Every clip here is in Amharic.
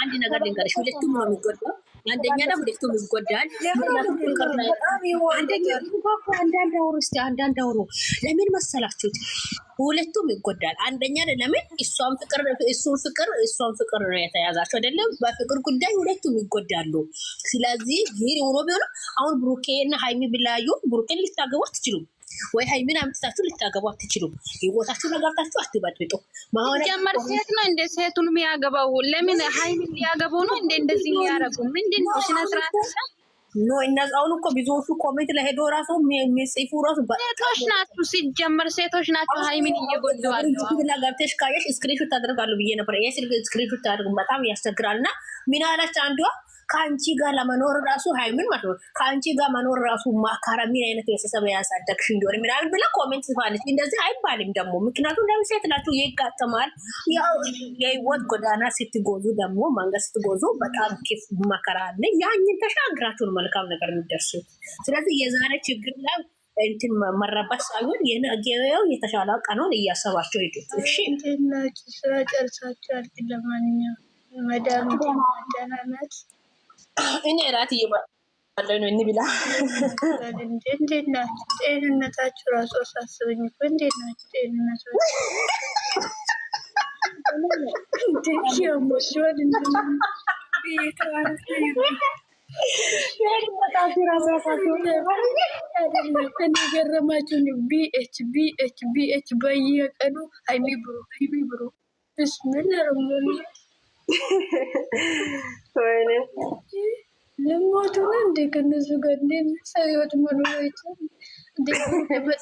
አንድ ነገር ልንገርሽ፣ ሁለቱም ነው የሚጎዳው። አንደኛ ላይ ሁለቱም ይጎዳል። አንዳንድ አውሩ እስኪ አንዳንድ አውሩ። ለምን መሰላችሁት? ሁለቱም ይጎዳል። አንደኛ ለምን እሷን ፍቅር እሱን ፍቅር እሷን ፍቅር ነው የተያዛቸው አይደለም። በፍቅር ጉዳይ ሁለቱም ይጎዳሉ። ስለዚህ ይህ ሆኖ ቢሆንም አሁን ብሩኬ እና ሀይሚ ብላዩ ብሩኬን ልታገቧ ትችሉም ወይ ሀይሚን አምጥታችሁ ልታገቡ አትችሉም። ህይወታችሁን አጋብታችሁ አትበጥብጡ። ጀመር ሴት ነው እንደ ሴቱን የሚያገባው ለምን ሀይሚን ሊያገቡ ነው? እንደ እንደዚህ የሚያደረጉ ምንድን ነው ስነስርዓት ኖ እነዛውን እኮ ብዙዎቹ ኮሜንት ላይ ሄዶ ራሱ የሚጽፉ ራሱ ሴቶች ናችሁ፣ ሲጀመር ሴቶች ናችሁ። ሀይሚን እየጎድዋለላ ገብተሽ ካየሽ ስክሪንሾት ታደርጋሉ ብዬ ነበር። ይህ ስክሪንሹት ታደርጉ በጣም ያስቸግራል። እና ሚናላች አንዷ ከአንቺ ጋር ለመኖር ራሱ ሀይምን ማለት ነው ከአንቺ ጋር መኖር ራሱ ማካራ ምን አይነት ቤተሰብ ያሳደግሽ እንደሆነ ምናምን ብላ ኮሜንት ስፋለች። እንደዚህ አይባልም ደግሞ ምክንያቱም ደግሞ ሴት ናችሁ ይጋጠማል። ያው የህይወት ጎዳና ስትጎዙ ደግሞ መንገድ ስትጎዙ በጣም ኬፍ መከራ አለ። ያኝን ተሻግራችሁን መልካም ነገር የሚደርሱት ስለዚህ የዛሬ ችግር ላይ እንትን መረባት ሳይሆን የነገው የተሻለ ቀኑን እያሰባቸው ሄዱ። እሺ ስራ አልክ። ለማንኛውም መዳም ደህና ናት። እኔ እራት እየባለ ነው እንብላ። እንዴት ናችሁ? ጤንነታችሁ ራሱ አሳስበኝ እኮ እንዴት ናችሁ? ጤንነታችሁ ገረማችሁን። ቢኤች ቢኤች ቢኤች በየቀኑ ሀይሚ ብሩ ሀይሚ ብሩ ብስምላ ረሞ እንደ ከነሱ ጋር ሰው ህይወት መኖር አይቻልም።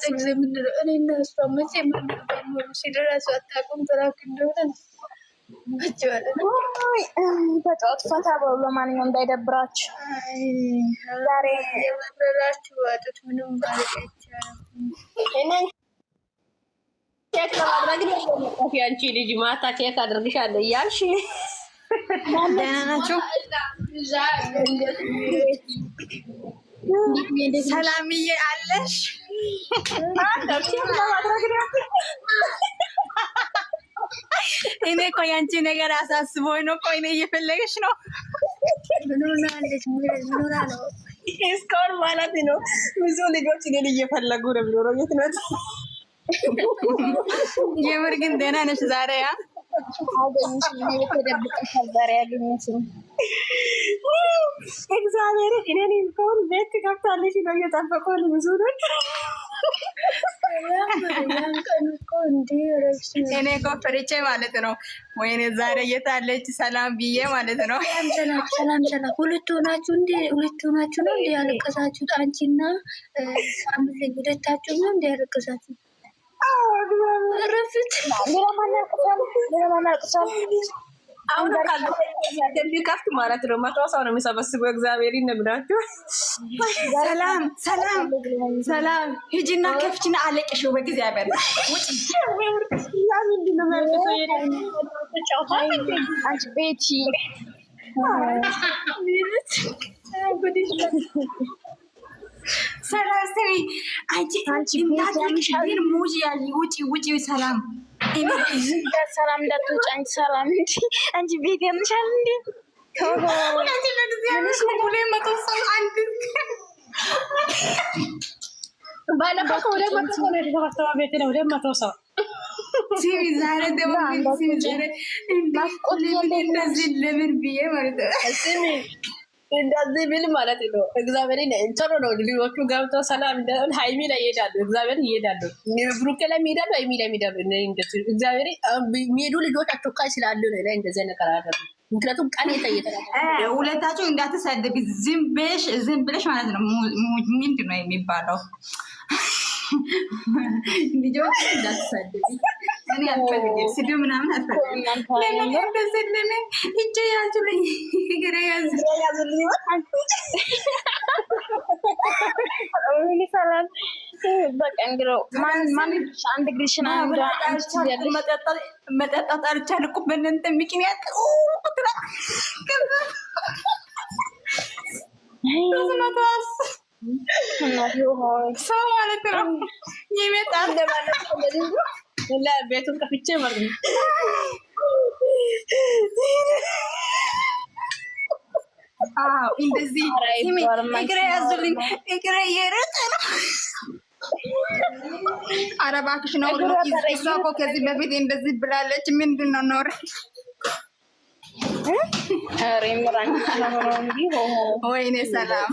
ጊዜ የምንለው እኔ እና እሷ መቼ የምንልበት ሲደራሱ አታውቁም። ትራክ እንደሆነ በጠዋት ፈታ በሉ። ለማንኛውም እንዳይደብራችሁ ዛሬ የመረራችሁ ዋጡት። ምንም ማለት አይቻልም። ኬክ ለማድረግ ያንቺ ልጅ ማታ ኬክ አድርግሻለሁ እያልሽ ደህና ናቸው። ሰላምዬ አለሽ? እኔ እኮ ያንቺ ነገር አሳስቦኝ ነው። ቆይ ነው እየፈለገሽ ነው እስካሁን ማለት ነው። ብዙ ልጆች እኔን እየፈለጉ ነው። የምር ግን ደህና ነሽ ዛሬ ያ እግዚአብሔርን እኔን ከሆን ቤት ከፍታለሽ ነው ነች። እኔ እኮ ፍርቼ ማለት ነው። ወይኔ ዛሬ እየታለች ሰላም ብዬ ማለት ነው። ሰላም ሰላም፣ ሁለት ሆናችሁ እንደ ሁለት ነው ያለቀሳችሁት አንቺና ሳምሪ ሁለታችሁ ነው እንደ አሁን የሚከፍት ማለት ነው። መቶ ሰው ነው የሚሰበስበው። እግዚአብሔር ይነግራችሁ። ሰላም ሰላም ሰላም። ሂጂና ከፍቺና አለቅሽው። በእግዚአብሔር ቤቲ ሰላም ስሪ። አንቺ እንዳትልቅሽ ግን ሙጂ ያዥ፣ ውጪ ውጪ። ሰላም ሰላም እንዳትወጪ አንቺ። ሰላም እንጂ አንቺ ቤት ያምሻል እንዴ? ባለፈው ለምን ብዬ ማለት ነው እንደዚህ ብል ማለት ነው። እግዚአብሔር እንትን ነው ልጆቹ ገብተው ሰላም እንደሆን ሀይሚ ላይ ይሄዳሉ። እግዚአብሔር ይሄዳሉ፣ ብሩኬ ላይ ይሄዳሉ፣ ሀይሚ ላይ ይሄዳሉ። እግዚአብሔር የሚሄዱ ልጆች አቶካይ ስላሉ ነው ላይ እንደዚህ ነገር አደረጉ። ምክንያቱም ቀን ሁለታቸው እንዳትሰድብ ዝም ብለሽ ዝም ብለሽ ማለት ነው። ምንድን ነው የሚባለው ልጆች እንዳትሰድብ ስድብ ምናምን አልፈልግም። ለምን እጄ ነው ቤቱን ከፍቼ ማለት ነው። እንደዚህ ያዙልኝ፣ እግሬ እየሮጠ ነው። ኧረ እባክሽ ነው። እሷ እኮ ከዚህ በፊት እንደዚህ ብላለች። ምንድን ነው ኖረ ወይኔ ሰላም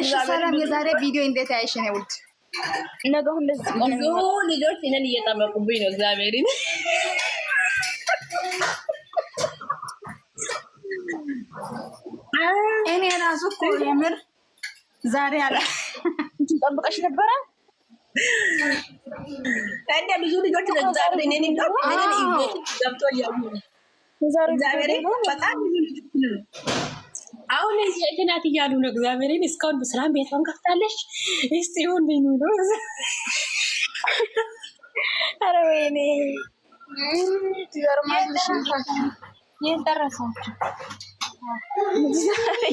እሺ ሰላም፣ የዛሬ ቪዲዮ እንዴት ያይሽ ነው? ውድ ነገሁ እንደዚህ ብዙ ልጆች እኔን እየጠበቁብኝ ነው። እግዚአብሔርን እኔ ራሱ እኮ የምር ዛሬ አለ ጠብቀሽ ነበረ እንደ ብዙ ልጆች እኔን ገብቶ እያሉ እግዚአብሔርን በጣም ብዙ ልጆች ነው አሁን እንትናት እያሉ ነው። እግዚአብሔርን እስካሁን በሰላም ቤቷን ከፍታለች። እስቲ ይሁን ነው። ኧረ ወይኔ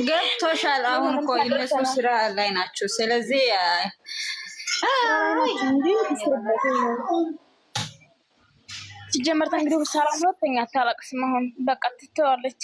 ገብቶሻል። አሁን እኮ እነሱ ስራ ላይ ናቸው። ስለዚህ ሲጀመርታ እንግዲህ ሰራ ሁለተኛ ታላቅስ አሁን በቃ ትተዋለች።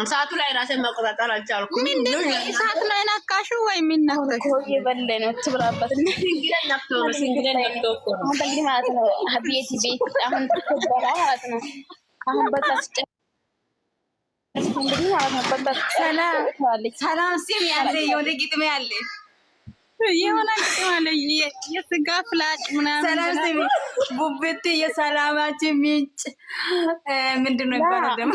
እሳቱ ላይ ራሴን መቆጣጠር አልቻልኩም። ምንድን ነው ላይ ነካሹ ወይ የሚናፈሽ በለ ነው። ትብላበት ሲንግለን ማለት ነው ቤት ቤት አሁን ትበላ ማለት ነው። አሁን በቃ ስጨ ሰላም ሲም ያለ የሆነ ግጥም ያለ የሆነ ግጥም አለ የስጋ ፍላጭ ምናምን ሰላም ሲም ቡብት የሰላማችን ምንጭ ምንድን ነው ይባላል ደግሞ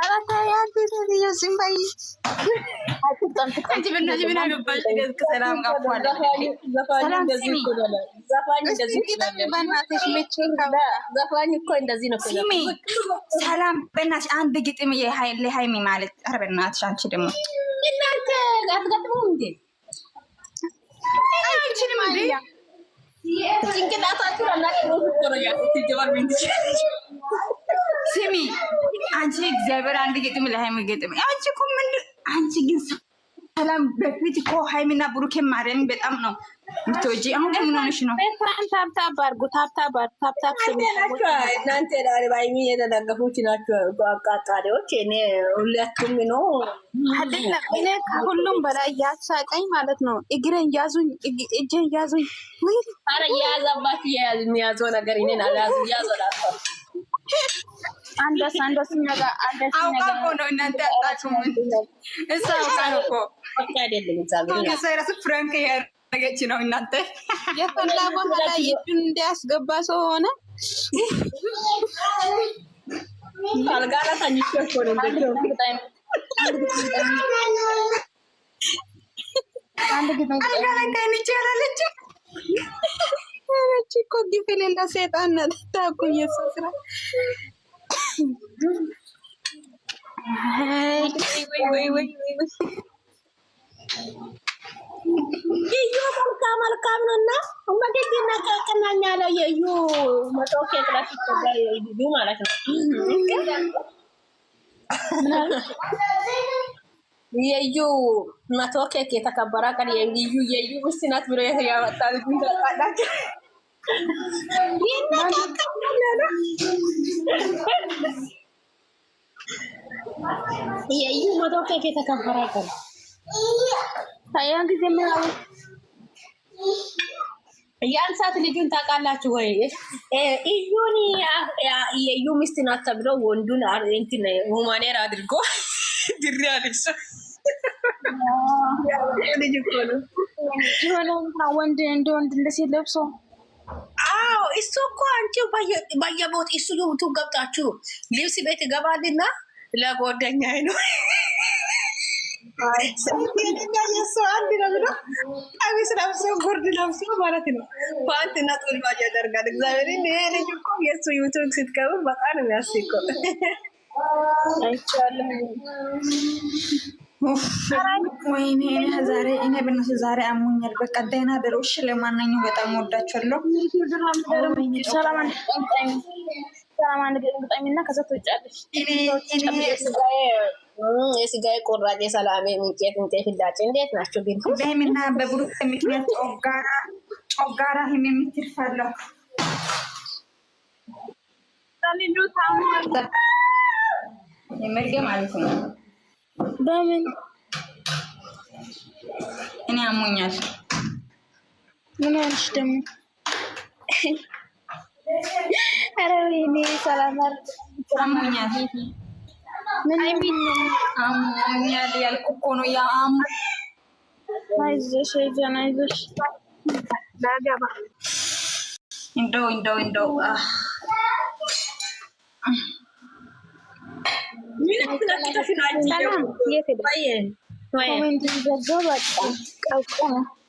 ሰላም በእናትሽ አንድ ግጥም ለሀይሚ ማለት ኧረ በእናትሽ አንቺ ደግሞ እናንተ አትገጥሙም እንዴ? አንቺንም ጭንቅላታችሁ ስሚ አንቺ እግዚአብሔር አንድ ግጥም ለሃይሚ ግጥም አንቺ እኮ ምን አንቺ ግን ሰላም በፊት እኮ ሃይሚና ብሩኬ ማርያም በጣም ነው ምትወጂ። አሁን ግን ምን ሆነሽ ነው? ታብታብ አድርጉ ታብታብ ታብታብ እናንተ ዳሪባይሚ የተለገፉች ናቸው አቃጣሪዎች። እኔ ሁለቱም ነው እኔ ከሁሉም በላይ ያሳቀኝ ማለት ነው። እግሬን ያዙኝ፣ እጄን ያዙኝ። ኧረ የያዛባት የሚያዘው ነገር እኔን አልያዙ ያዘላቸው አንዳስ አንዳስ ነገር አንዳስ ነገር አውቃ ነው። እናንተ አጣችሁ ምን አውቃ ነው እኮ አይደለም። እግዚአብሔር ፍራንክ ያረገች ነው። እናንተ የፈላ በኋላ የቱን እንዲያስገባ ሰው ሆነ። አልጋ ላይ ተኝቼ እኮ ነው አንድ ግን አልጋ ላይ ተኝቼ አላለች እኮ ግፍ የሌላ ሰይጣን ናት። ታውቁ የእሷ wait, wait, wait, wait, wait. Yeyo, kamal na, Matoke, kita kabarakan ya yu mesti nat ya tadi tidak የሞተው ኬክ የተከበረ አይቀርም። ያን ጊዜ ምናምን ያን ሰዓት ልጁን ታውቃላችሁ ወይ? እዩን የእዩ ሚስት ናት ተብሎ ወንዱን ሁማኔር አድርጎ ድሪ አልብሶ ልጅ እኮ ነው የሆነ ወንድ እንደ ወንድ እንደ ሴት ለብሶ አዎ እሱ እኮ አንቺው ባየቦት እሱ ዩቱ ገብጣችሁ ልብስ ቤት ይገባልና ለጎደኛ ነው የሱ አንድ ነው ብሎ ቀሚስ ለብሶ ጉርድ ለብሶ ማለት ነው ፓንትና ያደርጋል። እግዚአብሔር ይሄ ልጅ እኮ ዩቱብ ስትገቡ በጣም ዛሬ እኔ በእነሱ ዛሬ አሞኛል። በቃ ደህና በጣም ወዳችኋለሁ። የስጋዬ ቁራጭ፣ የሰላሜ ምንቄት፣ ፍላጭ እንዴት ናቸው ግን? በህምና በብሩክ ምክንያት ጮጋራ ህም የምትርፋለሁ የመርጌ ማለት ነው በምን እኔ አሞኛል። ምን አልሽ ደግሞ? ኧረ ወይኔ ሰላም አሞኛል። ምን አሞኛል ያልኩ እኮ ነው። ያም አይዞሽ አይዞን አይዞሽ እንደው እንደው እንደው ምን